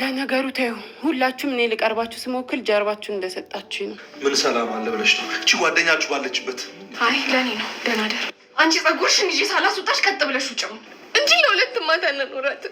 ለነገሩ ተይው፣ ሁላችሁም እኔ ልቀርባችሁ ስሞክል ጀርባችሁን እንደሰጣችሁ ነው። ምን ሰላም አለ ብለሽ ነው? እቺ ጓደኛችሁ ባለችበት። አይ ለእኔ ነው። ደህና ደር። አንቺ ጸጉርሽን ይዤ ሳላስወጣሽ ቀጥ ብለሽ ውጭም እንጂ ለሁለት ማታ ነኖራት።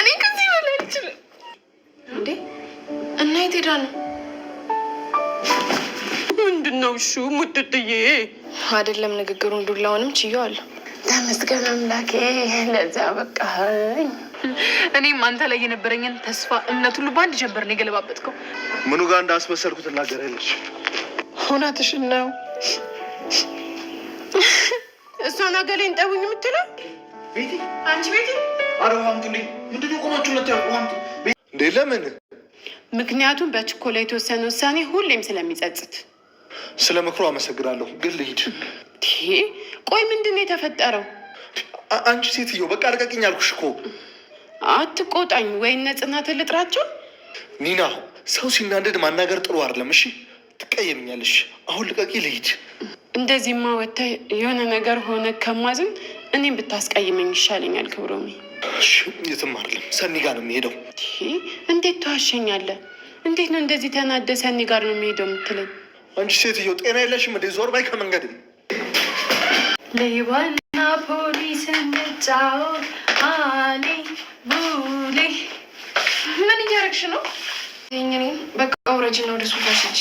እኔ ከዚህ በላይ አልችልም። እንዴ እና የት ሄዳ ነው? ምንድን ነው እሹ? ሙጥጥዬ አይደለም ንግግሩን ዱላውንም ችየዋለሁ። ተመስገን አምላኬ ለዚያ በቃኝ። እኔም አንተ ላይ የነበረኝን ተስፋ እምነት ሁሉ በአንድ ጀንበር ነው የገለባበጥከው። ምኑ ጋር እንዳስመሰልኩ ትናገራለች። እውነትሽን ነው። እሷን አገሌ እንጠቡኝ የምትለው ቤቲ፣ አንቺ ቤቲ፣ አረ ውሀምቱልኝ። ምንድን ቆማችሁ ለት ውሀምቱ ለምን? ምክንያቱም በችኮላ የተወሰነ ውሳኔ ሁሌም ስለሚጸጽት። ስለ ምክሮ አመሰግናለሁ፣ ግን ልሂድ። ቆይ ምንድን ነው የተፈጠረው? አንቺ ሴትዮ፣ በቃ አልቀቅኝ አልኩሽ እኮ አትቆጣኝ። ወይ ነጽና ጽናትን ልጥራቸው። ኒና፣ ሰው ሲናደድ ማናገር ጥሩ አይደለም። እሺ፣ ትቀየምኛለሽ። አሁን ልቀቂ፣ ልሂድ። እንደዚህማ ወጥተህ የሆነ ነገር ሆነ ከማዝን እኔም ብታስቀይመኝ ይሻለኛል። ክብሮሜ፣ የትም አይደለም፣ ሰኒ ጋር ነው የሚሄደው። እንዴት ተዋሸኛለህ? እንዴት ነው እንደዚህ ተናደ ሰኒ ጋር ነው የሚሄደው የምትለኝ? አንቺ ሴትዮ ጤና የለሽም እንዴ? ዞር ባይ ከመንገድ ሌባና ፖሊስ እንጫወት ምን እያደረግሽ ነው? ይህን በቃ አውረጅና ወደ ሶፋ ስጅ።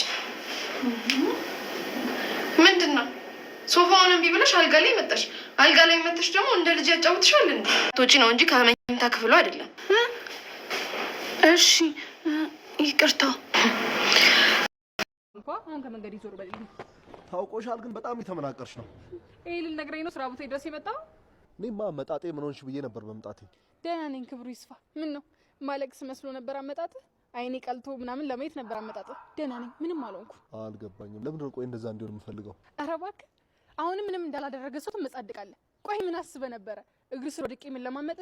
ምንድን ነው ሶፋውን እምቢ ብለሽ አልጋ ላይ መጣሽ። አልጋ ላይ መጣሽ ደግሞ እንደ ልጅ ያጫውትሻል። ቶጪ ነው እንጂ ከመኝታ ክፍሉ አይደለም። እሺ ይቅርታ። አሁን ከመንገድ ይዞር በል። ታውቆሻል፣ ግን በጣም የተመናቀርሽ ነው። ይህ ልል ነው ስራ ቦታ ድረስ የመጣው እኔማ መጣጤ ምን ሆንሽ ብዬ ነበር በመምጣቴ። ደህና ነኝ ክብሩ ይስፋ። ምን ነው ማለቅስ መስሎ ነበር አመጣጥ? አይኔ ቀልቶ ምናምን ለማየት ነበር አመጣጥ። ደህና ነኝ፣ ምንም አልሆንኩ። አልገባኝም። ለምን ነው ቆይ እንደዛ እንዲሆን የምፈልገው? ኧረ እባክህ አሁንም ምንም እንዳላደረገ ሰው ትመጻድቃለህ። ቆይ ምን አስበ ነበረ? እግር ስር ወድቄ ምን ለማመጥ?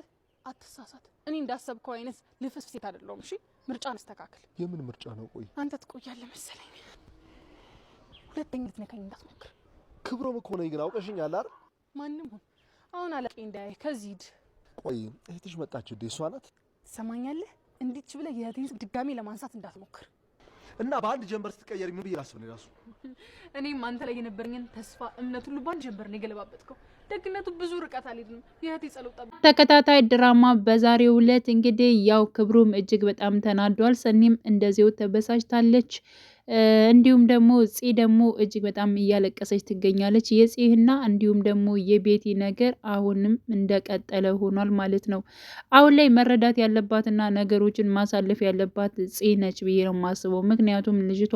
አትሳሳት። እኔ እንዳሰብከው አይነት ልፍስፍስ ሴት አይደለሁም። እሺ ምርጫ አስተካክል። የምን ምርጫ ነው? ቆይ አንተ ትቆያለህ መሰለኝ። ሁለተኛ ልትነካኝ እንዳትሞክር። ክብሮም እኮ ነኝ ግን አውቀሽኛል አይደል? ማንም ሁን አሁን አላቂ እንዳይ ከዚህ ሂድ። ቆይ እህትሽ መጣች እንዴ? እሷ ናት። ትሰማኛለህ? እንዲች ብለህ የእህቴን ስም ለማንሳት እንዳትሞክር እና በአንድ ጀንበር ስትቀየር ምን ብዬ ላስብ ነው ራሱ። እኔም አንተ ላይ የነበረኝን ተስፋ እምነት ሁሉ በአንድ ጀንበር ነው የገለባበጥከው። ደግነቱ ብዙ ርቀት አልሄድንም። የእህቴ ጸሎት ተከታታይ ድራማ በዛሬው ዕለት እንግዲህ ያው ክብሩም እጅግ በጣም ተናዷል። ሰኒም እንደዚሁ ተበሳጭታለች። እንዲሁም ደግሞ ፄ ደግሞ እጅግ በጣም እያለቀሰች ትገኛለች። የፄህና እንዲሁም ደግሞ የቤቲ ነገር አሁንም እንደቀጠለ ሆኗል ማለት ነው። አሁን ላይ መረዳት ያለባትና ነገሮችን ማሳለፍ ያለባት ፄ ነች ብዬ ነው የማስበው። ምክንያቱም ልጅቷ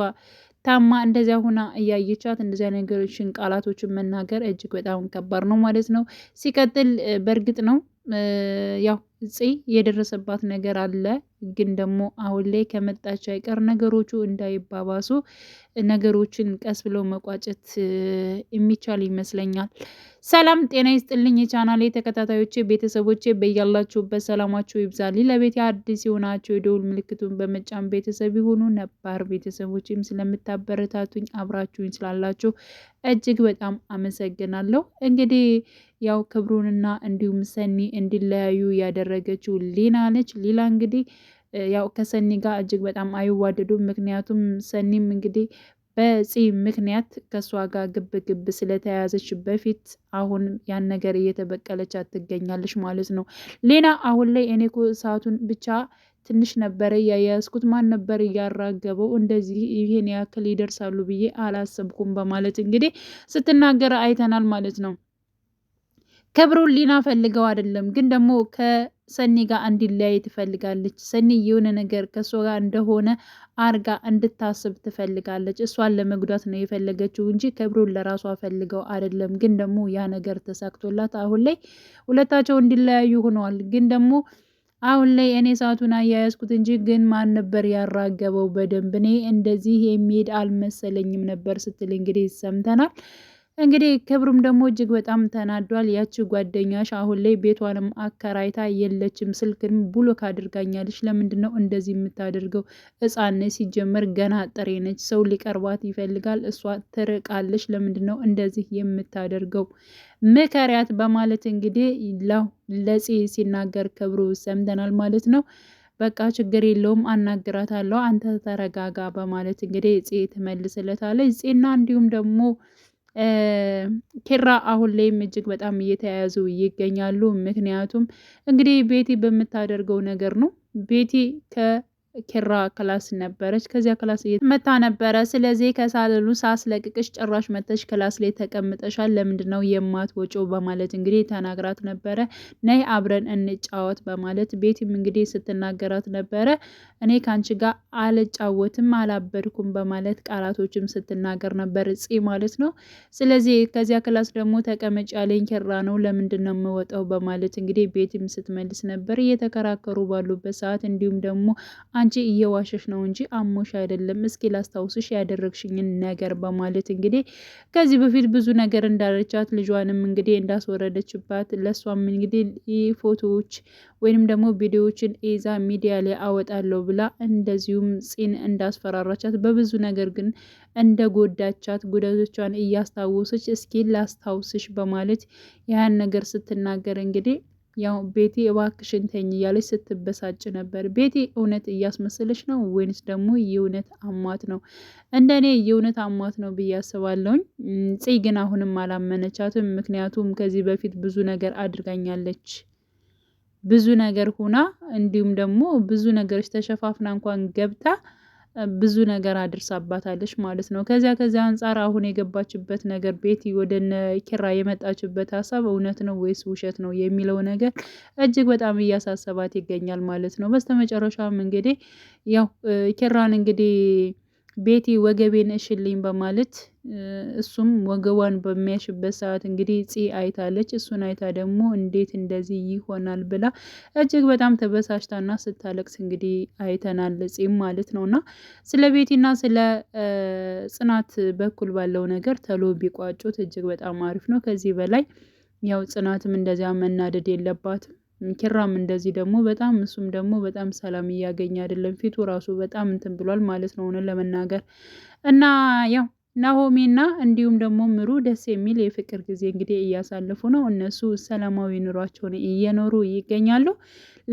ታማ እንደዚያ ሁና እያየቻት እንደዚያ ነገሮችን ቃላቶችን መናገር እጅግ በጣም ከባድ ነው ማለት ነው። ሲቀጥል በእርግጥ ነው ያው እፄ የደረሰባት ነገር አለ። ግን ደግሞ አሁን ላይ ከመጣች አይቀር ነገሮቹ እንዳይባባሱ ነገሮችን ቀስ ብለው መቋጨት የሚቻል ይመስለኛል። ሰላም ጤና ይስጥልኝ የቻናሌ ተከታታዮቼ ቤተሰቦቼ፣ በያላችሁበት ሰላማችሁ ይብዛል። ለቤት አዲስ የሆናችሁ የደውል ምልክቱን በመጫን ቤተሰብ የሆኑ ነባር ቤተሰቦችም ስለምታበረታቱኝ አብራችሁኝ ስላላችሁ እጅግ በጣም አመሰግናለሁ። እንግዲህ ያው ክብሩንና እንዲሁም ሰኒ እንዲለያዩ ያደረገችው ሊና ነች። ሊላ እንግዲህ ያው ከሰኒ ጋር እጅግ በጣም አይዋደዱም። ምክንያቱም ሰኒም እንግዲህ በፂ ምክንያት ከእሷ ጋር ግብ ግብ ስለተያያዘች በፊት አሁን ያን ነገር እየተበቀለች ትገኛለች ማለት ነው። ሌና አሁን ላይ እኔ እኮ እሳቱን ብቻ ትንሽ ነበረ እያያዝኩት ማን ነበር እያራገበው እንደዚህ ይሄን ያክል ይደርሳሉ ብዬ አላሰብኩም በማለት እንግዲህ ስትናገር አይተናል ማለት ነው። ክብሩን ሊና ፈልገው አይደለም፣ ግን ደግሞ ከሰኒ ጋር እንዲለያይ ትፈልጋለች። ሰኒ የሆነ ነገር ከእሷ ጋር እንደሆነ አርጋ እንድታስብ ትፈልጋለች። እሷን ለመጉዳት ነው የፈለገችው እንጂ ክብሩን ለራሷ ፈልገው አይደለም። ግን ደግሞ ያ ነገር ተሳክቶላት አሁን ላይ ሁለታቸው እንዲለያዩ ሆነዋል። ግን ደግሞ አሁን ላይ እኔ ሰዓቱን አያያዝኩት እንጂ ግን ማን ነበር ያራገበው? በደንብ እኔ እንደዚህ የሚሄድ አልመሰለኝም ነበር ስትል እንግዲህ ሰምተናል። እንግዲህ ክብሩም ደግሞ እጅግ በጣም ተናዷል። ያቺ ጓደኛሽ አሁን ላይ ቤቷንም አከራይታ የለችም፣ ስልክንም ብሎክ አድርጋኛለች። ለምንድን ነው እንደዚህ የምታደርገው? ሕፃን ነች፣ ሲጀመር ገና ጥሬ ነች። ሰው ሊቀርባት ይፈልጋል፣ እሷ ትርቃለች። ለምንድን ነው እንደዚህ የምታደርገው? ምከሪያት በማለት እንግዲህ ላው ለጽ ሲናገር ክብሩ ሰምተናል ማለት ነው። በቃ ችግር የለውም አናግራታለሁ፣ አንተ ተረጋጋ በማለት እንግዲህ ጽ ትመልስለታለች። ጽና እንዲሁም ደግሞ ኬራ አሁን ላይም እጅግ በጣም እየተያያዙ ይገኛሉ። ምክንያቱም እንግዲህ ቤቲ በምታደርገው ነገር ነው ቤቲ ከ ኪራ ክላስ ነበረች። ከዚያ ክላስ መታ ነበረ። ስለዚህ ከሳልኑ ሳስለቅቅሽ ጭራሽ መተሽ ክላስ ላይ ተቀምጠሻል፣ ለምንድን ነው የማትወጪው? በማለት እንግዲህ ተናግራት ነበረ። ነይ አብረን እንጫወት በማለት ቤቲም እንግዲህ ስትናገራት ነበረ። እኔ ከአንቺ ጋር አልጫወትም፣ አላበድኩም በማለት ቃላቶችም ስትናገር ነበር ጽ ማለት ነው። ስለዚህ ከዚያ ክላስ ደግሞ ተቀመጭ ያለኝ ኪራ ነው፣ ለምንድን ነው የምወጣው? በማለት እንግዲህ ቤቲም ስትመልስ ነበር። እየተከራከሩ ባሉበት ሰዓት እንዲሁም ደግሞ አንቺ እየዋሸሽ ነው እንጂ አሞሽ አይደለም፣ እስኪ ላስታውስሽ ያደረግሽኝን ነገር በማለት እንግዲህ ከዚህ በፊት ብዙ ነገር እንዳለቻት ልጇንም እንግዲህ እንዳስወረደችባት ለእሷም እንግዲህ ፎቶዎች ወይንም ደግሞ ቪዲዮዎችን ኤዛ ሚዲያ ላይ አወጣለሁ ብላ እንደዚሁም ፂን እንዳስፈራራቻት በብዙ ነገር ግን እንደጎዳቻት ጉዳቶቿን እያስታወሰች እስኪ ላስታውስሽ በማለት ያን ነገር ስትናገር እንግዲህ ያው ቤቲ እባክሽን ተኝ እያለች ስትበሳጭ ነበር። ቤቲ እውነት እያስመሰለች ነው ወይንስ ደግሞ የእውነት አሟት ነው? እንደኔ የእውነት አሟት ነው ብዬ አስባለሁኝ። ጽይ ግን አሁንም አላመነቻትም። ምክንያቱም ከዚህ በፊት ብዙ ነገር አድርጋኛለች ብዙ ነገር ሆና እንዲሁም ደግሞ ብዙ ነገሮች ተሸፋፍና እንኳን ገብታ ብዙ ነገር አድርሳባታለች ማለት ነው። ከዚያ ከዚያ አንጻር አሁን የገባችበት ነገር ቤቲ ወደ እነ ኪራ የመጣችበት ሀሳብ እውነት ነው ወይስ ውሸት ነው የሚለው ነገር እጅግ በጣም እያሳሰባት ይገኛል ማለት ነው። በስተመጨረሻም እንግዲህ ያው ኪራን እንግዲህ ቤቲ ወገቤን እሽልኝ በማለት እሱም ወገቧን በሚያሽበት ሰዓት እንግዲህ ፂ አይታለች። እሱን አይታ ደግሞ እንዴት እንደዚህ ይሆናል ብላ እጅግ በጣም ተበሳሽታና ስታለቅስ እንግዲህ አይተናል። ፂም ማለት ነውና ስለ ቤቲና ስለ ጽናት በኩል ባለው ነገር ተሎ ቢቋጩት እጅግ በጣም አሪፍ ነው። ከዚህ በላይ ያው ጽናትም እንደዚያ መናደድ የለባትም። ኪራም እንደዚህ ደግሞ በጣም እሱም ደግሞ በጣም ሰላም እያገኘ አይደለም። ፊቱ ራሱ በጣም እንትን ብሏል ማለት ነው ሆነ ለመናገር እና ያው ናሆሜና እንዲሁም ደግሞ ምሩ ደስ የሚል የፍቅር ጊዜ እንግዲህ እያሳለፉ ነው። እነሱ ሰላማዊ ኑሯቸውን እየኖሩ ይገኛሉ።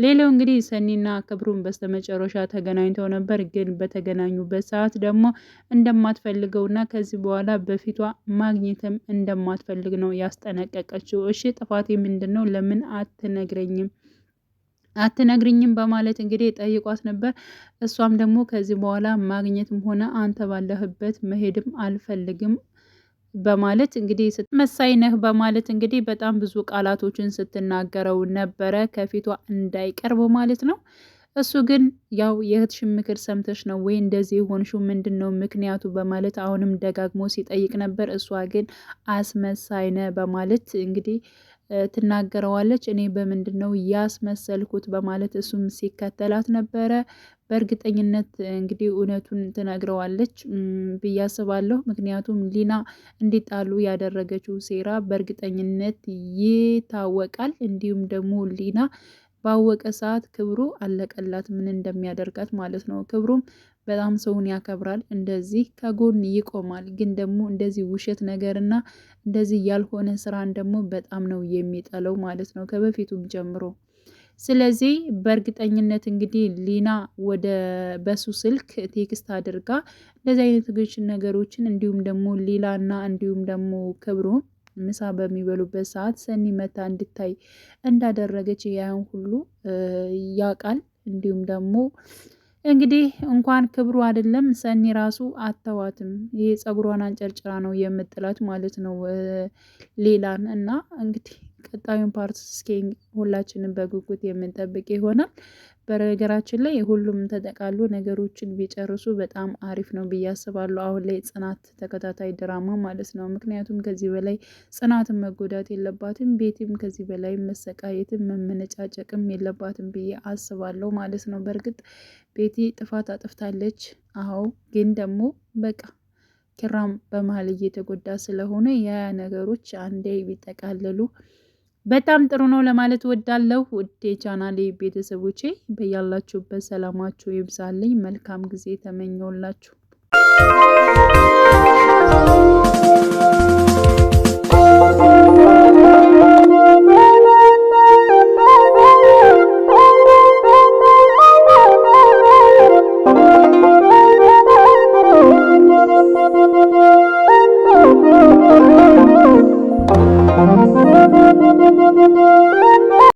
ሌላው እንግዲህ ሰኒና ክብሩን በስተመጨረሻ ተገናኝተው ነበር። ግን በተገናኙበት ሰዓት ደግሞ እንደማትፈልገውና ከዚህ በኋላ በፊቷ ማግኘትም እንደማትፈልግ ነው ያስጠነቀቀችው። እሺ ጥፋቴ ምንድን ነው? ለምን አትነግረኝም? አትነግርኝም በማለት እንግዲህ ጠይቋት ነበር። እሷም ደግሞ ከዚህ በኋላ ማግኘትም ሆነ አንተ ባለህበት መሄድም አልፈልግም በማለት እንግዲህ መሳይ ነህ በማለት እንግዲህ በጣም ብዙ ቃላቶችን ስትናገረው ነበረ፣ ከፊቷ እንዳይቀርብ ማለት ነው። እሱ ግን ያው የእህትሽን ምክር ሰምተሽ ነው ወይ እንደዚህ የሆንሽው? ምንድን ነው ምክንያቱ? በማለት አሁንም ደጋግሞ ሲጠይቅ ነበር። እሷ ግን አስመሳይ ነህ በማለት እንግዲህ ትናገረዋለች። እኔ በምንድን ነው ያስመሰልኩት በማለት እሱም ሲከተላት ነበረ። በእርግጠኝነት እንግዲህ እውነቱን ትነግረዋለች ብዬ አስባለሁ። ምክንያቱም ሊና እንዲጣሉ ያደረገችው ሴራ በእርግጠኝነት ይታወቃል። እንዲሁም ደግሞ ሊና ባወቀ ሰዓት ክብሩ አለቀላት፣ ምን እንደሚያደርጋት ማለት ነው። ክብሩም በጣም ሰውን ያከብራል፣ እንደዚህ ከጎን ይቆማል። ግን ደግሞ እንደዚህ ውሸት ነገርና እንደዚህ ያልሆነ ስራን ደግሞ በጣም ነው የሚጠለው ማለት ነው ከበፊቱም ጀምሮ። ስለዚህ በእርግጠኝነት እንግዲህ ሊና ወደ በሱ ስልክ ቴክስት አድርጋ እንደዚህ አይነት ነገሮችን እንዲሁም ደግሞ ሌላና እንዲሁም ደግሞ ክብሩም ምሳ በሚበሉበት ሰዓት ሰኒ መታ እንድታይ እንዳደረገች ያን ሁሉ ያውቃል እንዲሁም ደግሞ እንግዲህ እንኳን ክብሩ አይደለም ሰኒ ራሱ አተዋትም። ይሄ ጸጉሯን አንጨርጭራ ነው የምጥላት ማለት ነው ሌላን እና እንግዲህ ቀጣዩን ፓርት እስኪ ሁላችንም በጉጉት የምንጠብቅ ይሆናል። በነገራችን ላይ ሁሉም ተጠቃሉ ነገሮችን ቢጨርሱ በጣም አሪፍ ነው ብዬ አስባለሁ። አሁን ላይ ጽናት ተከታታይ ድራማ ማለት ነው። ምክንያቱም ከዚህ በላይ ጽናትን መጎዳት የለባትም፣ ቤትም ከዚህ በላይ መሰቃየትም መመነጫጨቅም የለባትም ብዬ አስባለሁ ማለት ነው። በእርግጥ ቤቲ ጥፋት አጥፍታለች። አዎ ግን ደግሞ በቃ ኪራም በመሀል እየተጎዳ ስለሆነ ያ ነገሮች አንዴ ቢጠቃለሉ በጣም ጥሩ ነው ለማለት ወዳለሁ። ውድ የቻናሌ ቤተሰቦቼ በያላችሁበት ሰላማችሁ ይብዛልኝ። መልካም ጊዜ ተመኘውላችሁ።